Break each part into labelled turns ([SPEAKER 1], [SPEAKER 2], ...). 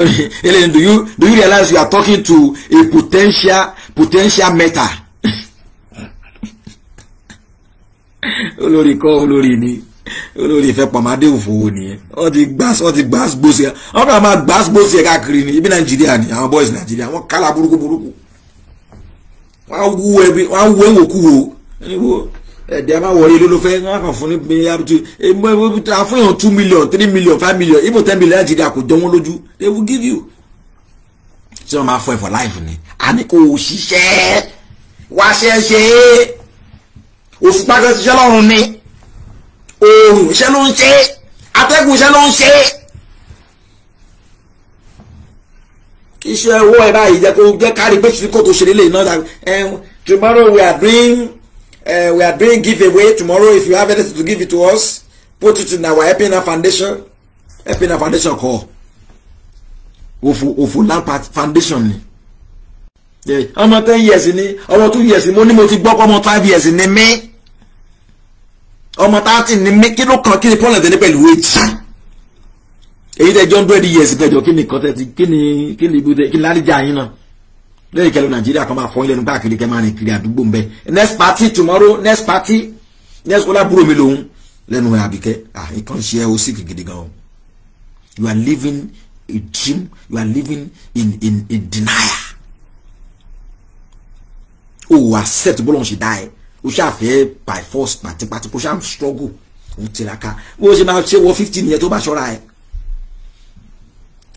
[SPEAKER 1] Ellen, do you do you realize you are talking to a potential potential meta? olórí kọ́ olórí ni olórí ìfẹ́ pàmádé òfòwò nìyẹn wọ́n ti gbàs wọ́n ti gbàs gbòsì ẹ̀ wọ́n kàn máa gbàs gbòsì ẹ̀ káàkiri ni ibi nàìjíríà ni àwọn boys nàìjíríà wọ́n kálá burúkú burúkú wọ́n á wú ẹbí wọ́n á wú ẹ̀wòkúwò níbo ẹ̀dẹ̀ a máa wọ̀rí ló ló fẹ́ wọ́n kàn fún ní pé a fún yàn two million three million five million even ten million nàìjíríà kò jọ wọ́n lójú they will give you ṣé wọ́n máa fọ ẹ̀fọ́ láìfù ni a ní kò ṣiṣẹ́ wá ṣẹ́ṣe òṣùpá kan ṣiṣẹ́ lọ́rùn ni oòrùn iṣẹ́ ló ń ṣe atẹ́gùn iṣẹ́ ló ń ṣe. iṣẹ́ owó ẹ̀ báyìí jẹ́ kó jẹ́ kárí pé ṣùkò tó ṣe lélẹ̀ náà tomorrow we are doing. Uh, we are doing giveaway tomorrow. If you have anything to give it to us, put it in our Epina Foundation. Epina Foundation call. Ofu Ofu Land Foundation ni. Ọmọ ten years ni, ọmọ two years ni, mo ní mo ti gbọ́ ọmọ five years ni mí. Ọmọ thirty ni mí, kí ló kàn kí ni problem tẹ̀lé pẹ̀lú wéjì? Èyí tẹ̀ jọ́ hundred years kẹjọ kí ni kọ́tẹ́ ti kí ni kí ni ibùdó kí ni lálẹ́ jà yín náà? lórí kẹlẹ nàìjíríà kan máa fọ ilẹ̀ nígbà kiri kẹ máa kiri àdúgbò ń bẹ next party tomorrow next party next kọ́lá búrò mi lòun lẹ́nu àbíkẹ́ ah nǹkan ṣe ẹ́ o sì gidi gan o you are living a dream you are living in in in denial o oh, accept bọ́lọ̀ ṣe dá ẹ o ṣàfẹ́ by force pàtìpàtì kò ṣàǹ struggle o tiraka bó ṣe máa ṣe wọ fifteen yẹn tó bá ṣọ́ra ẹ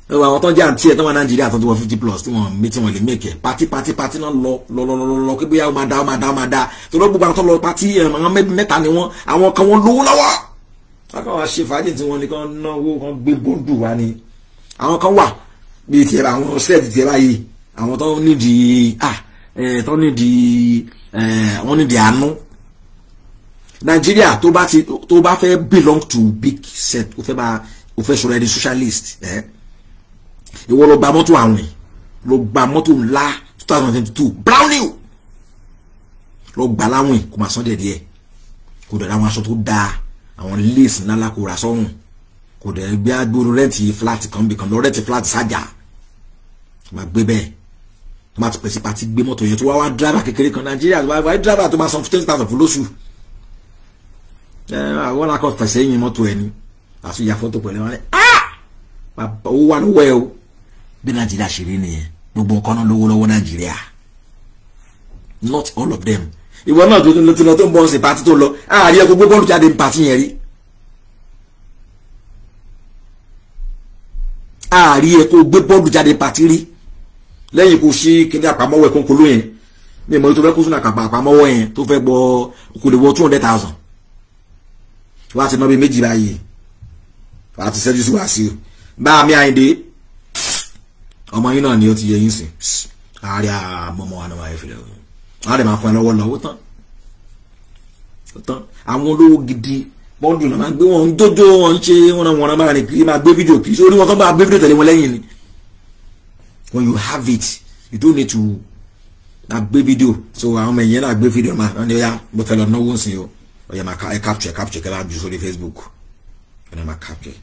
[SPEAKER 1] àwọn tó ń jẹ́ àǹtí ẹ̀ tó wà nàìjíríà tó ti wọ fifty plus tí wọ́n mi tí wọ́n lè mẹ́kẹ̀ pati pati pati náà lọ lọ lọ lọ lọ kí bóyá ó máa da ó máa da ó máa da tó lọ gbogbo àwọn tó lọ pati àwọn mẹ́ta ni wọ́n àwọn kan wọ́n lówó lọ́wọ́ káwọn wá ṣe fàájì tí wọ́n ní kán náwó kán gbé bóńdù wá ni àwọn kan wà bíi tiẹ̀ àwọn sẹ́ẹ̀tì tiẹ̀ báyìí àwọn tó nídìí ah tó nídìí wọ́n nídìí àánú nàìjíríà tó bá fẹ́ belong to big set ó fẹ́ bá ó socialist ìwọ lọ gba mọ́tò àwìn lọ gba mọ́tò ńlá two brown new lọ gba láwìn kò máa sán dẹ̀díẹ̀ kò dẹ̀ láwọn aṣọ tó dáa àwọn lace ńláńlá kò rà sọ́run kò dẹ̀ gbé agbóró rẹ́ǹtì flat kan bìkan lọ rẹ́ǹtì flat sájà máa gbé bẹ́ẹ̀ tó máa ti pèsè pàtí gbé mọ́tò yẹn tó wá wá dráìbà kékeré kan nàìjíríà tó wá dráìbà tó máa san ten thousand fún lóṣù àwọn akọ fẹsẹ̀ yín mọ́tò ẹni àti ìyá pẹ̀lú wọn ni wà lówó ẹ o bí nàìjíríà ṣe rí nìyẹn gbogbo nǹkan náà lówó lọ́wọ́ nàìjíríà not all of them ìwọ náà tó ń lọ tó ń lọ tó ń bọ́ ọ̀sìn pàtí tó lọ àárí ẹ̀ kó gbé bọ́ọ̀lù jáde pàtí yẹn rí àárí ẹ̀ kó gbé bọ́ọ̀lù jáde pàtí rí lẹ́yìn kó ṣe kíní àpamọ́wọ́ ẹ̀kọ́ kó ló yẹn ní ìmọ̀ tó fẹ́ kó sún àpamọ́wọ́ yẹn tó fẹ́ gbọ́ kò two hundred thousand wá ti ná bí méjì báyìí wá ti ṣẹ́jú sí wá sí bá a mi àyìndé ọmọ yín náà ni ó ti yẹ yín sìn ààrẹ àmọ́mọ́ wa náà máa fi lẹ̀ wọ́n ààrẹ máa fún ẹ lọ́wọ́ lọ́wọ́ tán tán àwọn olówó gidi bọ́ọ̀dù náà máa gbé wọn dójó wọn ń ṣe wọn náà wọn náà máa rìn kiri máa gbé fídíò kiri sórí wọn kọ́ bá gbé fídíò tẹ̀lé wọn lẹ́yìn ni when you have it you don't need to na gbé fídíò so àwọn ọmọ ìyẹn náà gbé fídíò máa wọn ni ọ̀yà mo fẹ́ lọ náwó sí o ọ̀yà máa ẹ capture capture kẹ́lá jù sórí Facebook ọ̀nà máa capture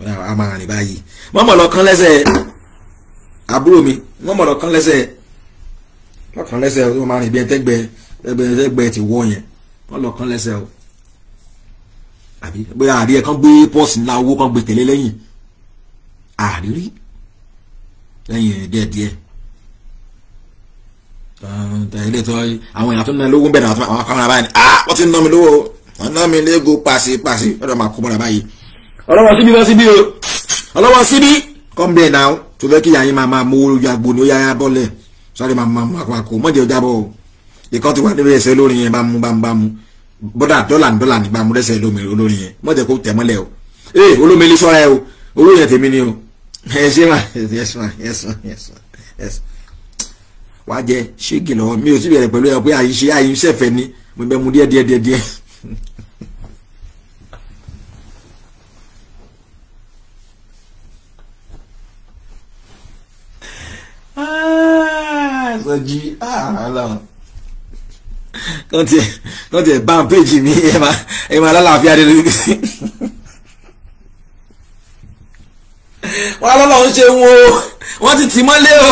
[SPEAKER 1] ọ̀nà àwọn máa rìn báyìí mọ́mọ́ lọ kán lẹ́sẹ̀ àbúrò mi wọ́n mọ̀ lọ́kàn lẹ́sẹ̀ lọ́kàn lẹ́sẹ̀ wọ́n máa rìn bí ẹtẹ́gbẹ́ ẹgbẹ́ ti wọ́ yẹn wọ́n lọ́kàn lẹ́sẹ̀ o àbí bóyá àrí ẹ̀ kán gbé pọ́ọ̀sì ńlá owó kán gbé tẹ̀lé lẹ́yìn àrírí lẹ́yìn díẹ̀díẹ̀ ilé tó àwọn èèyàn tó ń ná lówó ń bẹ̀rẹ̀ àwọn akáwọn abáyé ni ah wọ́n ti ń ná mi lówó wọ́n ná mi léego pàṣẹ pàṣẹ ọ̀dọ̀ máa kó mọ́ra báyìí ọlọ́wọ́ síbí lọ síbí o ọlọ́wọ́ síbí come there now tó fẹ́ kí ìyá yín máa máa mú ojú agbo ni ó yára bọ́lẹ̀ sáré máa máa máa pa kò mọ̀jẹ̀ ó jábọ̀ ìkan ti wà níbi ẹsẹ̀ olórin yẹn bámu bámu bámu bọ́dà dọ́là ní dọ́là ní bámu lẹ́sẹ̀ olórin yẹn mọ̀jẹ̀ kó tẹ̀ mọ́lẹ̀ o ee eh, olómele sọ́ra ẹ o olóyè tèmi ni o ẹ ṣe mà ẹ ṣe mà ẹ ṣe mà ẹ ṣe mà ẹ ṣe wàá jẹ ṣéèkì lọ́wọ́ mi ò sì bẹ̀rẹ̀ pẹ̀lú ẹ tán jí ah, àlọ́run kàn tiẹ̀ kàn tiẹ̀ bá péjì mi ẹ máa ẹ máa lálàáfíà dé lórí kìsì wọn lọ́lọ́run ṣe wọn o wọ́n ti tì mọ́lé o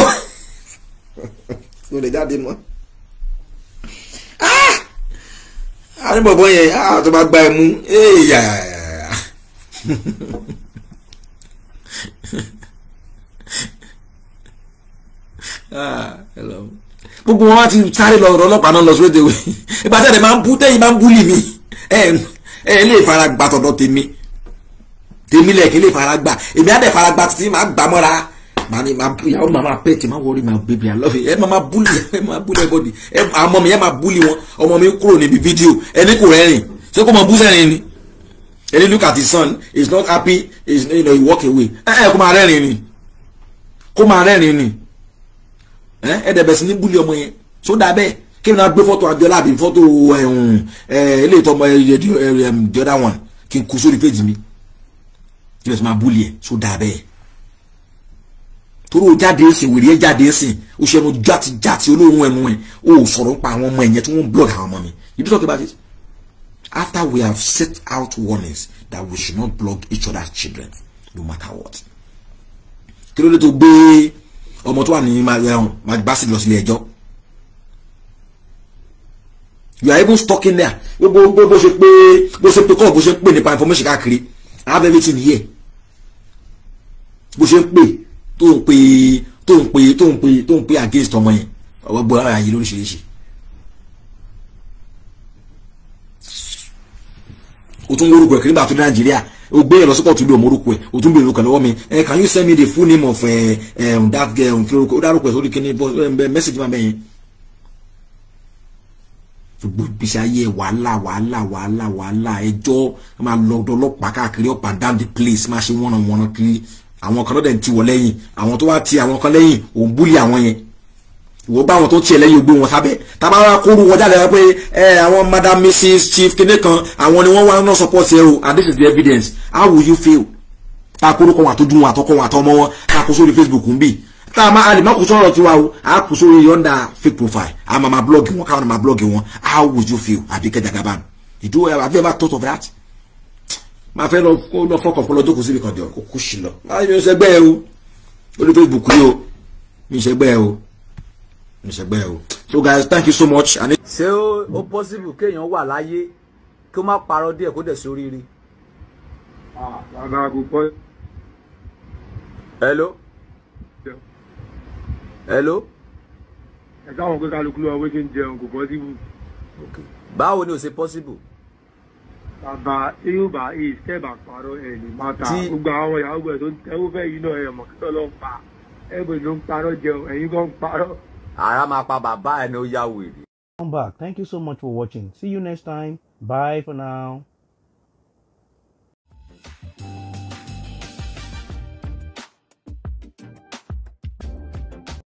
[SPEAKER 1] mo lè jáde mọ́ àníbọ̀bọ̀ ah! yẹn àtọ́ ah, bá gba ẹ̀ mú ẹ̀yà. Ah, gbogbo wọn ti sáré lọ ọ̀rọ̀ ọlọ́pàá náà lọ sóde wẹ̀ ìgbà tẹ̀lé máa ń bú tẹ̀yìn máa ń búlì mi ẹ ẹ lè fara gbà tọ̀dọ̀ tèmi tèmi lẹ́ẹ̀kì lè fara gbà èmi á dẹ̀ fara gbà títí máa gbà mọ́ra màá ní máa bú ìyàwó màá máa pẹ́ tí máa wọrí máa bèbè àlọ́fẹ́ ẹ máa búlì ẹ máa búlì ẹ bọ́dì ẹ àmọ́ mi ẹ máa búlì wọn ọmọ mi kúrò níbi fídíò ẹni kò rẹ́rìn ṣé kò mọ bú sẹ́rin ni ẹni look at his son he is not happy he is you know he walk away ẹ ẹ kó máa rẹ́rìn ni kó máa rẹ́rìn ni ẹ dẹ̀ bẹ̀ sí ní búlẹ̀ ọmọ yẹn tó dáa bẹ́ẹ̀ kí n náà gbé fọ́tò Abiola àbí fọ́tò ilé ìtọ́ ọmọ the other one kí n kú sórí péjì mi kí n sì máa búlẹ̀ ẹ̀ tó dáa bẹ́ẹ̀ torí o jáde ẹsìn wèrè ẹ jáde ẹsìn o ṣe ẹnu játijàti olóhùn ẹnu ẹ o sọ̀rọ̀ nípa àwọn ọmọ ẹ̀yẹn tí wọ́n ń blog àwọn ọmọ mi you talk about it after we have set out warnings that we should not blog each other's children no matter what kí ló dé tó gbé ọmọ tó wà ní máa eh, um, bá sí lọ sílé ẹjọ́ you are even stuck in there gbogbo bó ṣe pé bó ṣe pé kọ́ bó ṣe pè nípa information káàkiri i have everything here bó ṣe pè tó ń pè tó ń pè tó ń pè tó ń pè against ọmọ yẹn ọwọ́ gbọ́ ara yìí lóríṣiríṣi. o tún lórúkọ ìkírígbà tó ní nàìjíríà o gbé yẹn lọ sọ́kọ̀ tún bí òmórúkọ ẹ̀ o tún bèrè mi ẹ can you send me the full name of eh, eh, that girl nfilorúkọ ó dárúkọ ẹ̀ sórí kíní eh, mẹ́sàgì máa bẹ̀yẹn. gbogbo ìgbésí ayé wàhálà wàhálà wàhálà wàhálà ẹjọ́ máa lọ ọ̀dọ̀ ọlọ́pàá káàkiri ọ̀pá down the place máa ṣe wọ́nà wọ́nà kiri àwọn kan lọ́dẹ̀ ti wọ̀ lẹ́yìn àwọn tó wá ti àwọn kan lẹ́yìn òun búlì àwọn yẹn ìwọ bá àwọn tó tiẹ̀ lẹ́yìn ogbó wọn sábẹ́ tábà wá kóru wọn jáde pé ẹ àwọn madam mrs chief kéde kan àwọn ni wọ́n wá náà support ẹ o and this is the evidence how will you fail tá a kórúkọ wọn àtọ́jú wọn àtọ́kọ wọn àtọ́mọ wọn tá kó sórí facebook ń bì tá a máa àlèmọ́ kó sọ̀rọ̀ tiwa o a kó sórí yọ̀ǹda fake profile a máa ma blog wọn káwọn máa blog wọn how will you fail Abike Jagaban ìdúró ẹ have you ever thought of that máa fẹ́ lọ lọ fọkàn lọ jókòó síbi kan dẹ̀ kó kó sì lọ níṣẹ́gbẹ́ o so guys thank you so much. ṣé ó possible kéèyàn wà láyé kí ó má parọ́ díẹ̀ kó dẹ̀ sóríire. bàbá kò pọ́. hello. hello. ẹ káwọn pé kálukú lọ wé kí n jẹun kò possible. báwo ni ò ṣe possible. bàbá irúbà yìí sẹ́ẹ̀bà parọ́ ẹ̀ ní mata gbogbo àwọn ìyàwó ẹ̀ tó ń tẹ́wọ́ fẹ́ yìí náà ẹ̀ mọ̀ kí tọ́lọ́ ń pa ẹ̀ bẹ̀ ló ń parọ́ jẹun ẹ̀yin kan ń parọ́ come back thank you so much for watching see you next time bye for now.